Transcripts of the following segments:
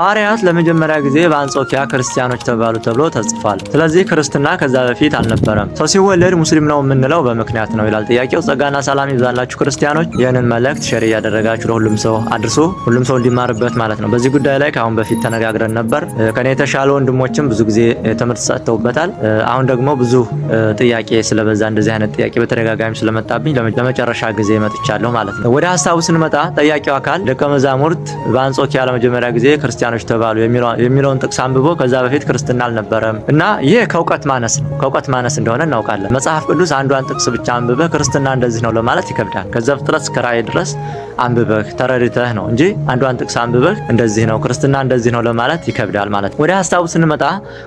ሐዋርያት ለመጀመሪያ ጊዜ በአንጾኪያ ክርስቲያኖች ተባሉ ተብሎ ተጽፏል። ስለዚህ ክርስትና ከዛ በፊት አልነበረም። ሰው ሲወለድ ሙስሊም ነው የምንለው በምክንያት ነው ይላል ጥያቄው። ጸጋና ሰላም ይብዛላችሁ ክርስቲያኖች። ይህንን መልእክት ሼር እያደረጋችሁ ለሁሉም ሰው አድርሶ ሁሉም ሰው እንዲማርበት ማለት ነው። በዚህ ጉዳይ ላይ ከአሁን በፊት ተነጋግረን ነበር። ከኔ የተሻለ ወንድሞችም ብዙ ጊዜ ትምህርት ሰጥተውበታል። አሁን ደግሞ ብዙ ጥያቄ ስለበዛ እንደዚህ አይነት ጥያቄ በተደጋጋሚ ስለመጣብኝ ለመጨረሻ ጊዜ መጥቻለሁ ማለት ነው። ወደ ሀሳቡ ስንመጣ ጠያቂው አካል ደቀ መዛሙርት በአንጾኪያ ለመጀመሪያ ጊዜ ክርስቲያ ክርስቲያኖች ተባሉ የሚለውን ጥቅስ አንብቦ ከዛ በፊት ክርስትና አልነበረም እና ይህ ከእውቀት ማነስ ነው። ከእውቀት ማነስ እንደሆነ እናውቃለን። መጽሐፍ ቅዱስ አንዷን ጥቅስ ብቻ አንብበህ ክርስትና እንደዚህ ነው ለማለት ይከብዳል። ከዘፍጥረት እስከ ራእይ ድረስ አንብበህ ተረድተህ ነው እንጂ አንዷን ጥቅስ አንብበህ እንደዚህ ነው ክርስትና እንደዚህ ነው ለማለት ይከብዳል ማለት ነው። ወደ ሀሳቡ ስንመጣ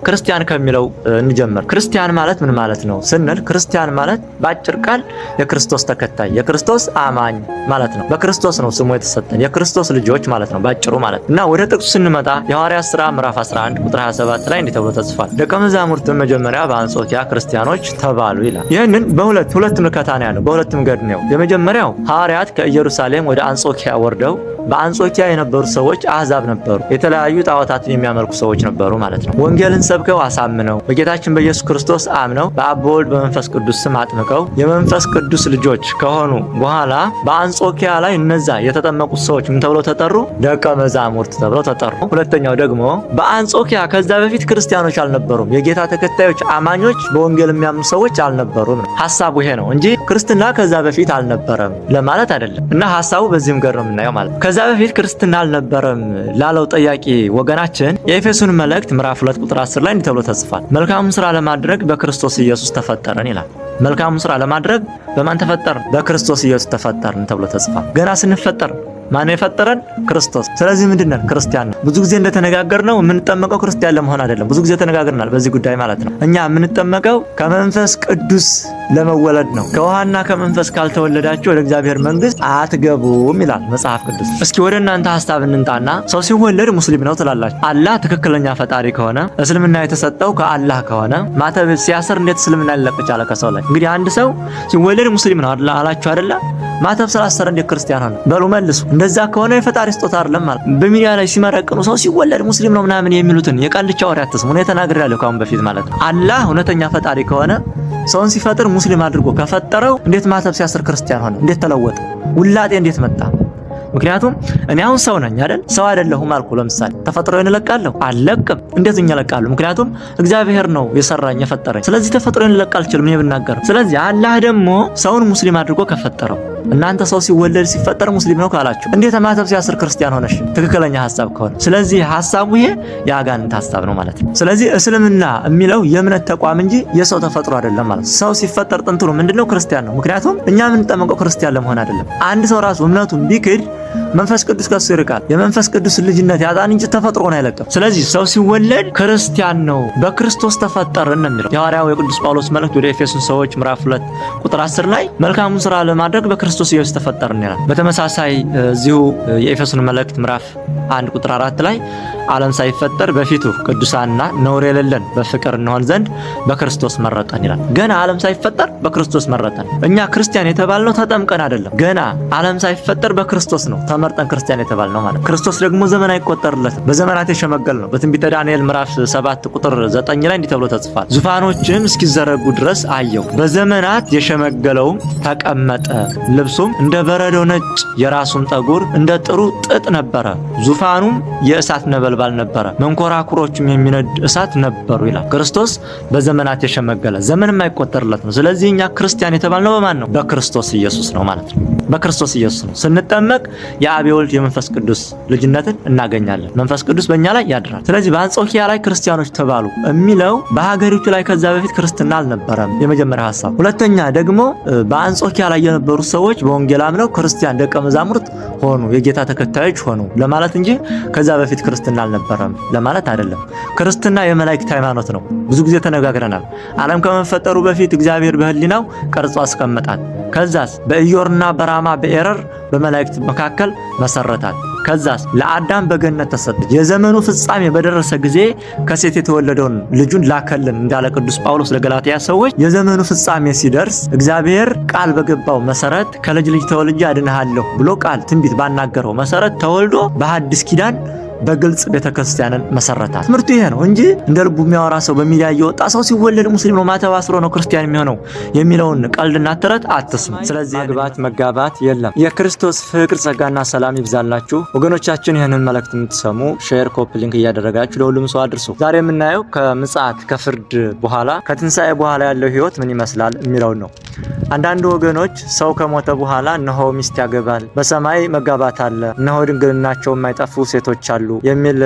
ክርስቲያን ከሚለው እንጀምር። ክርስቲያን ማለት ምን ማለት ነው ስንል ክርስቲያን ማለት በአጭር ቃል የክርስቶስ ተከታይ የክርስቶስ አማኝ ማለት ነው። በክርስቶስ ነው ስሙ የተሰጠን የክርስቶስ ልጆች ማለት ነው ባጭሩ ማለት እና ወደ ጥቅሱ ስንመጣ የሐዋርያ ሥራ ምዕራፍ 11 ቁጥር 27 ላይ እንዲህ ተብሎ ተጽፏል፣ ደቀ መዛሙርትም መጀመሪያ በአንጾኪያ ክርስቲያኖች ተባሉ ይላል። ይህንን በሁለት ሁለት ምልከታ ነው ያለው፣ በሁለትም ገድ ነው። የመጀመሪያው ሐዋርያት ከኢየሩሳሌም ወደ አንጾኪያ ወርደው በአንጾኪያ የነበሩ ሰዎች አህዛብ ነበሩ። የተለያዩ ጣዖታትን የሚያመልኩ ሰዎች ነበሩ ማለት ነው። ወንጌልን ሰብከው አሳምነው በጌታችን በኢየሱስ ክርስቶስ አምነው በአብ በመንፈስ ቅዱስ ስም አጥምቀው የመንፈስ ቅዱስ ልጆች ከሆኑ በኋላ በአንጾኪያ ላይ እነዛ የተጠመቁት ሰዎች ምን ተብለው ተጠሩ? ደቀ መዛሙርት ተብለው ተጠሩ። ሁለተኛው ደግሞ በአንጾኪያ ከዛ በፊት ክርስቲያኖች አልነበሩም። የጌታ ተከታዮች አማኞች፣ በወንጌል የሚያምኑ ሰዎች አልነበሩም ነው ሀሳቡ። ይሄ ነው እንጂ ክርስትና ከዛ በፊት አልነበረም ለማለት አይደለም። እና ሀሳቡ በዚህም ገር ነው የምናየው ማለት ነው። ከዛ በፊት ክርስትና አልነበረም ላለው ጠያቂ ወገናችን የኤፌሶን መልእክት ምዕራፍ 2 ቁጥር 10 ላይ እንዲህ ተብሎ ተጽፏል። መልካሙን ስራ ለማድረግ በክርስቶስ ኢየሱስ ተፈጠረን ይላል። መልካሙን ስራ ለማድረግ በማን ተፈጠርን? በክርስቶስ ኢየሱስ ተፈጠርን ተብሎ ተጽፏል። ገና ስንፈጠር ማን የፈጠረን? ክርስቶስ። ስለዚህ ምንድነን? ክርስቲያን ነው። ብዙ ጊዜ እንደተነጋገርነው የምንጠመቀው ክርስቲያን ለመሆን አይደለም። ብዙ ጊዜ ተነጋግረናል በዚህ ጉዳይ ማለት ነው። እኛ የምንጠመቀው ከመንፈስ ቅዱስ ለመወለድ ነው። ከውሃና ከመንፈስ ካልተወለዳችሁ ወደ እግዚአብሔር መንግስት አትገቡም ይላል መጽሐፍ ቅዱስ። እስኪ ወደ እናንተ ሀሳብ እንንጣና ሰው ሲወለድ ሙስሊም ነው ትላላችሁ። አላህ ትክክለኛ ፈጣሪ ከሆነ እስልምና የተሰጠው ከአላህ ከሆነ ማተብ ሲያስር እንዴት እስልምና ሊለቅ ቻለ ከሰው ላይ? እንግዲህ አንድ ሰው ሲወለድ ሙስሊም ነው አላችሁ አይደለ? ማተብ ስላሰረ እንደ ክርስቲያን ሆነ በሉ መልሱ። እንደዛ ከሆነ የፈጣሪ ስጦታ አይደለም ማለት። በሚዲያ ላይ ሲመረቅኑ ሰው ሲወለድ ሙስሊም ነው ምናምን የሚሉትን የቃልቻ ወሬ አትስሙ። እኔ ተናግሬያለሁ ከአሁን በፊት ማለት ነው። አላህ እውነተኛ ፈጣሪ ከሆነ ሰውን ሲፈጥር ሙስሊም አድርጎ ከፈጠረው እንዴት ማተብ ሲያስር ክርስቲያን ሆነ? እንዴት ተለወጠ? ውላጤ እንዴት መጣ? ምክንያቱም እኔ አሁን ሰው ነኝ አይደል? ሰው አይደለሁም አልኩ። ለምሳሌ ተፈጥሮ እለቃለሁ? አለቅም። እንዴት እኛ ምክንያቱም እግዚአብሔር ነው የሰራኝ የፈጠረኝ። ስለዚህ ተፈጥሮ እለቅ አልችልም እኔ ብናገር። ስለዚህ አላህ ደግሞ ሰውን ሙስሊም አድርጎ ከፈጠረው እናንተ ሰው ሲወለድ ሲፈጠር ሙስሊም ነው ካላችሁ እንዴት ማህተብ ሲያስር ክርስቲያን ሆነሽ? ትክክለኛ ሀሳብ ከሆነ ስለዚህ ሐሳቡ ይሄ የአጋንንት ሀሳብ ነው ማለት ነው። ስለዚህ እስልምና የሚለው የእምነት ተቋም እንጂ የሰው ተፈጥሮ አይደለም ማለት ነው። ሰው ሲፈጠር ጥንትሩ ምንድነው? ክርስቲያን ነው። ምክንያቱም እኛ የምንጠመቀው ክርስቲያን ለመሆን አይደለም። አንድ ሰው ራሱ እምነቱን ቢክድ መንፈስ ቅዱስ ከሱ ይርቃል። የመንፈስ ቅዱስ ልጅነት ያጣን እንጂ ተፈጥሮን አይለቅም። ስለዚህ ሰው ሲወለድ ክርስቲያን ነው፣ በክርስቶስ ተፈጠርን ነው የሚለው የሐዋርያው የቅዱስ ጳውሎስ መልእክት ወደ ኤፌሶን ሰዎች ምዕራፍ 2 ቁጥር 10 ላይ መልካሙን ስራ ለማድረግ በክርስቶስ ኢየሱስ ተፈጠርን ይላል። በተመሳሳይ እዚሁ የኤፌሶን መልእክት ምዕራፍ 1 ቁጥር 4 ላይ ዓለም ሳይፈጠር በፊቱ ቅዱሳንና ነውር የሌለን በፍቅር እንሆን ዘንድ በክርስቶስ መረጠን ይላል። ገና ዓለም ሳይፈጠር በክርስቶስ መረጠን። እኛ ክርስቲያን የተባልነው ተጠምቀን አይደለም። ገና ዓለም ሳይፈጠር በክርስቶስ ነው ተመርጠን ክርስቲያን የተባልነው ማለት። ክርስቶስ ደግሞ ዘመን አይቆጠርለትም። በዘመናት የሸመገል ነው። በትንቢተ ዳንኤል ምዕራፍ 7 ቁጥር 9 ላይ እንዲህ ተብሎ ተጽፏል። ዙፋኖችም እስኪዘረጉ ድረስ አየሁ፣ በዘመናት የሸመገለውም ተቀመጠ። ልብሱም እንደ በረዶ ነጭ፣ የራሱም ጠጉር እንደ ጥሩ ጥጥ ነበረ። ዙፋኑም የእሳት ነበል ነበልባል ነበረ፣ መንኮራኩሮቹም የሚነድ እሳት ነበሩ ይላል። ክርስቶስ በዘመናት የሸመገለ ዘመን የማይቆጠርለት ነው። ስለዚህ እኛ ክርስቲያን የተባልነው በማን ነው? በክርስቶስ ኢየሱስ ነው ማለት ነው። በክርስቶስ ኢየሱስ ነው። ስንጠመቅ የአብ የወልድ የመንፈስ ቅዱስ ልጅነትን እናገኛለን። መንፈስ ቅዱስ በእኛ ላይ ያድራል። ስለዚህ በአንጾኪያ ላይ ክርስቲያኖች ተባሉ የሚለው በሀገሪቱ ላይ ከዛ በፊት ክርስትና አልነበረም። የመጀመሪያ ሀሳብ። ሁለተኛ ደግሞ በአንጾኪያ ላይ የነበሩ ሰዎች በወንጌል አምነው ክርስቲያን ደቀ መዛሙርት ሆኑ፣ የጌታ ተከታዮች ሆኑ ለማለት እንጂ ከዛ በፊት ክርስትና አልነበረም ለማለት አይደለም። ክርስትና የመላእክት ሃይማኖት ነው። ብዙ ጊዜ ተነጋግረናል። ዓለም ከመፈጠሩ በፊት እግዚአብሔር በህሊናው ቀርጾ አስቀምጣል። ከዛስ በኢዮርና በራማ በኤረር በመላእክት መካከል መሰረታል። ከዛስ ለአዳም በገነት ተሰጠ። የዘመኑ ፍጻሜ በደረሰ ጊዜ ከሴት የተወለደውን ልጁን ላከልን እንዳለ ቅዱስ ጳውሎስ ለገላትያ ሰዎች የዘመኑ ፍጻሜ ሲደርስ እግዚአብሔር ቃል በገባው መሰረት ከልጅ ልጅ ተወልጄ አድንሃለሁ ብሎ ቃል ትንቢት ባናገረው መሰረት ተወልዶ በሐዲስ ኪዳን በግልጽ ቤተክርስቲያንን መሰረታት። ትምህርቱ ይሄ ነው እንጂ እንደ ልቡ የሚያወራ ሰው በሚዲያ እየወጣ ሰው ሲወለድ ሙስሊም ነው ማተብ አስሮ ነው ክርስቲያን የሚሆነው የሚለውን ቀልድና ተረት አትስሙ። ስለዚህ ማግባት መጋባት የለም። የክርስቶስ ፍቅር ጸጋና ሰላም ይብዛላችሁ ወገኖቻችን። ይህንን መልእክት የምትሰሙ ሼር፣ ኮፕ ሊንክ እያደረጋችሁ ለሁሉም ሰው አድርሱ። ዛሬ የምናየው ከምጽአት ከፍርድ በኋላ ከትንሣኤ በኋላ ያለው ህይወት ምን ይመስላል የሚለውን ነው። አንዳንድ ወገኖች ሰው ከሞተ በኋላ እነሆ ሚስት ያገባል፣ በሰማይ መጋባት አለ፣ እነሆ ድንግልናቸው የማይጠፉ ሴቶች አሉ የሚል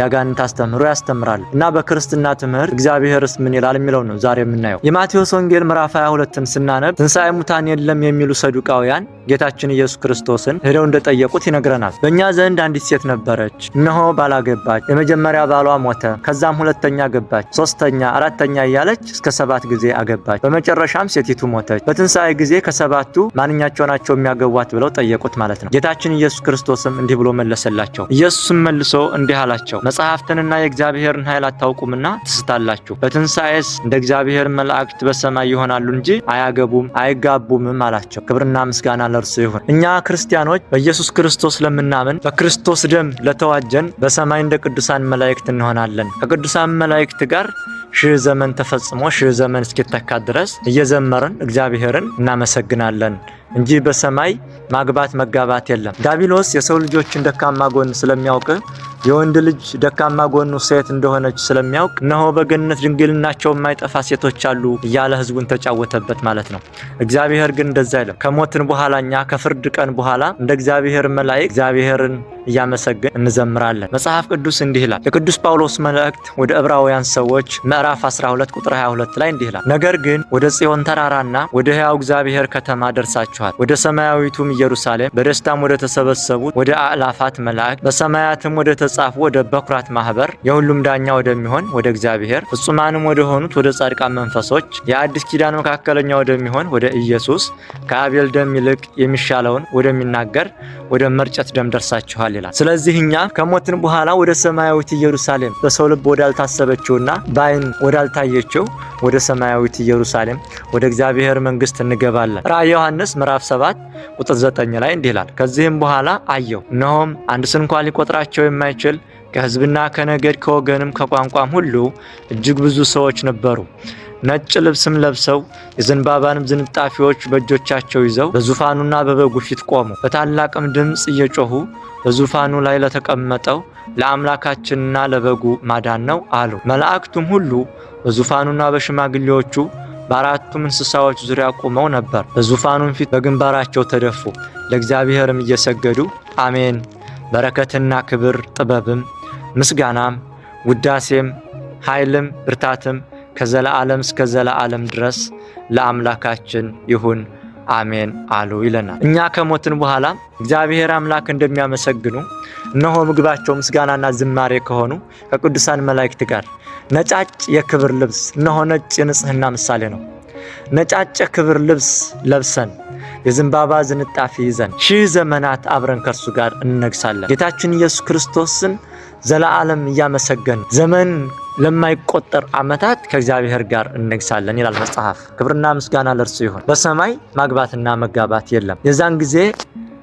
ያጋንንት አስተምህሮ ያስተምራል እና በክርስትና ትምህርት እግዚአብሔርስ ምን ይላል የሚለው ነው ዛሬ የምናየው። የማቴዎስ ወንጌል ምዕራፍ 22ን ስናነብ ትንሣኤ ሙታን የለም የሚሉ ሰዱቃውያን ጌታችን ኢየሱስ ክርስቶስን ሄደው እንደጠየቁት ይነግረናል። በእኛ ዘንድ አንዲት ሴት ነበረች፣ እነሆ ባላገባች፣ የመጀመሪያ ባሏ ሞተ፣ ከዛም ሁለተኛ ገባች፣ ሶስተኛ፣ አራተኛ እያለች እስከ ሰባት ጊዜ አገባች፣ በመጨረሻም ሴቲቱ ሞተች። በትንሣኤ ጊዜ ከሰባቱ ማንኛቸው ናቸው የሚያገቧት ብለው ጠየቁት ማለት ነው። ጌታችን ኢየሱስ ክርስቶስም እንዲህ ብሎ መለሰላቸው። ኢየሱስም መልሶ እንዲህ አላቸው መጽሐፍትንና የእግዚአብሔርን ኃይል አታውቁምና ትስታላችሁ። በትንሣኤስ እንደ እግዚአብሔር መላእክት በሰማይ ይሆናሉ እንጂ አያገቡም አይጋቡምም አላቸው። ክብርና ምስጋና ለእርሱ ይሁን። እኛ ክርስቲያኖች በኢየሱስ ክርስቶስ ለምናምን በክርስቶስ ደም ለተዋጀን በሰማይ እንደ ቅዱሳን መላእክት እንሆናለን ከቅዱሳን መላእክት ጋር ሺህ ዘመን ተፈጽሞ ሺህ ዘመን እስኪተካ ድረስ እየዘመርን እግዚአብሔርን እናመሰግናለን እንጂ በሰማይ ማግባት መጋባት የለም። ዳቢሎስ የሰው ልጆችን ደካማ ጎን ስለሚያውቅ የወንድ ልጅ ደካማ ጎኑ ሴት እንደሆነች ስለሚያውቅ እነሆ በገነት ድንግልናቸው የማይጠፋ ሴቶች አሉ እያለ ሕዝቡን ተጫወተበት ማለት ነው። እግዚአብሔር ግን እንደዛ አይለም። ከሞትን በኋላ እኛ ከፍርድ ቀን በኋላ እንደ እግዚአብሔር መላእክት እግዚአብሔርን እያመሰግን እንዘምራለን። መጽሐፍ ቅዱስ እንዲህ ይላል። የቅዱስ ጳውሎስ መልእክት ወደ ዕብራውያን ሰዎች ምዕራፍ 12 ቁጥር 22 ላይ እንዲህ ይላል፣ ነገር ግን ወደ ጽዮን ተራራና ወደ ሕያው እግዚአብሔር ከተማ ደርሳችኋል፣ ወደ ሰማያዊቱም ኢየሩሳሌም በደስታም ወደ ተሰበሰቡት ወደ አእላፋት መላእክት በሰማያትም ወደ ተጻፉ ወደ በኩራት ማህበር የሁሉም ዳኛ ወደሚሆን ወደ እግዚአብሔር ፍጹማንም ወደ ሆኑት ወደ ጻድቃን መንፈሶች የአዲስ ኪዳን መካከለኛ ወደሚሆን ወደ ኢየሱስ ከአቤል ደም ይልቅ የሚሻለውን ወደሚናገር ወደ መርጨት ደም ደርሳችኋል ይላል። ስለዚህ እኛ ከሞትን በኋላ ወደ ሰማያዊት ኢየሩሳሌም በሰው ልብ ወዳልታሰበችውና በአይን ወዳልታየችው ወደ ሰማያዊት ኢየሩሳሌም ወደ እግዚአብሔር መንግስት እንገባለን። ራእየ ዮሐንስ ምዕራፍ 7 ቁጥር 9 ላይ እንዲህ ይላል፣ ከዚህም በኋላ አየሁ፣ እነሆም አንድ ስንኳ ሊቆጥራቸው የማይችል ከህዝብና ከነገድ ከወገንም ከቋንቋም ሁሉ እጅግ ብዙ ሰዎች ነበሩ ነጭ ልብስም ለብሰው የዘንባባንም ዝንጣፊዎች በእጆቻቸው ይዘው በዙፋኑና በበጉ ፊት ቆሙ። በታላቅም ድምፅ እየጮኹ በዙፋኑ ላይ ለተቀመጠው ለአምላካችንና ለበጉ ማዳን ነው አሉ። መላእክቱም ሁሉ በዙፋኑና በሽማግሌዎቹ በአራቱም እንስሳዎች ዙሪያ ቆመው ነበር። በዙፋኑም ፊት በግንባራቸው ተደፉ፣ ለእግዚአብሔርም እየሰገዱ አሜን፣ በረከትና ክብር ጥበብም ምስጋናም ውዳሴም ኃይልም ብርታትም ከዘለዓለም እስከ ዘለዓለም ድረስ ለአምላካችን ይሁን አሜን አሉ ይለናል። እኛ ከሞትን በኋላ እግዚአብሔር አምላክ እንደሚያመሰግኑ እነሆ ምግባቸው ምስጋናና ዝማሬ ከሆኑ ከቅዱሳን መላእክት ጋር ነጫጭ የክብር ልብስ እነሆ ነጭ የንጽህና ምሳሌ ነው። ነጫጭ የክብር ልብስ ለብሰን የዘንባባ ዝንጣፊ ይዘን ሺህ ዘመናት አብረን ከእርሱ ጋር እንነግሳለን። ጌታችን ኢየሱስ ክርስቶስን ዘለዓለም እያመሰገን ዘመን ለማይቆጠር ዓመታት ከእግዚአብሔር ጋር እነግሳለን ይላል መጽሐፍ። ክብርና ምስጋና ለእርሱ ይሁን። በሰማይ ማግባትና መጋባት የለም። የዛን ጊዜ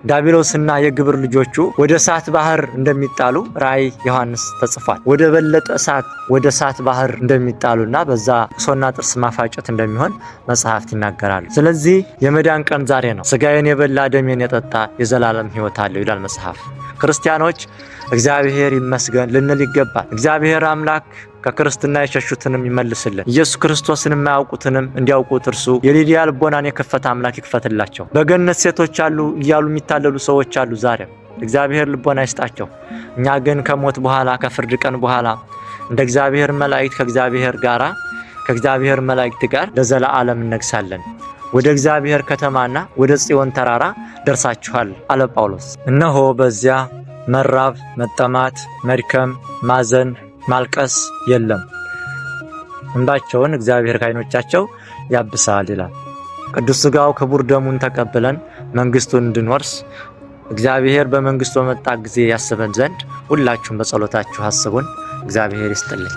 ዳቢሎስና የግብር ልጆቹ ወደ እሳት ባህር እንደሚጣሉ ራእይ ዮሐንስ ተጽፏል። ወደ በለጠ እሳት ወደ እሳት ባህር እንደሚጣሉና በዛ ሶና ጥርስ ማፋጨት እንደሚሆን መጽሐፍት ይናገራሉ። ስለዚህ የመዳን ቀን ዛሬ ነው። ስጋዬን የበላ ደሜን የጠጣ የዘላለም ሕይወት አለው ይላል መጽሐፍ። ክርስቲያኖች እግዚአብሔር ይመስገን ልንል ይገባል። እግዚአብሔር አምላክ ከክርስትና የሸሹትንም ይመልስልን። ኢየሱስ ክርስቶስን የማያውቁትንም እንዲያውቁት እርሱ የሊዲያ ልቦናን የከፈተ አምላክ ይክፈትላቸው። በገነት ሴቶች አሉ እያሉ የሚታለሉ ሰዎች አሉ ዛሬም። እግዚአብሔር ልቦና ይስጣቸው። እኛ ግን ከሞት በኋላ ከፍርድ ቀን በኋላ እንደ እግዚአብሔር መላእክት ከእግዚአብሔር ጋራ ከእግዚአብሔር መላእክት ጋር ለዘላለም እነግሳለን። ወደ እግዚአብሔር ከተማና ወደ ጽዮን ተራራ ደርሳችኋል አለ ጳውሎስ። እነሆ በዚያ መራብ፣ መጠማት፣ መድከም፣ ማዘን ማልቀስ የለም። እንባቸውን እግዚአብሔር ከዓይኖቻቸው ያብሳል ይላል። ቅዱስ ሥጋው ክቡር ደሙን ተቀብለን መንግስቱን እንድንወርስ እግዚአብሔር በመንግስቱ በመጣ ጊዜ ያስበን ዘንድ ሁላችሁም በጸሎታችሁ አስቡን። እግዚአብሔር ይስጥልኝ።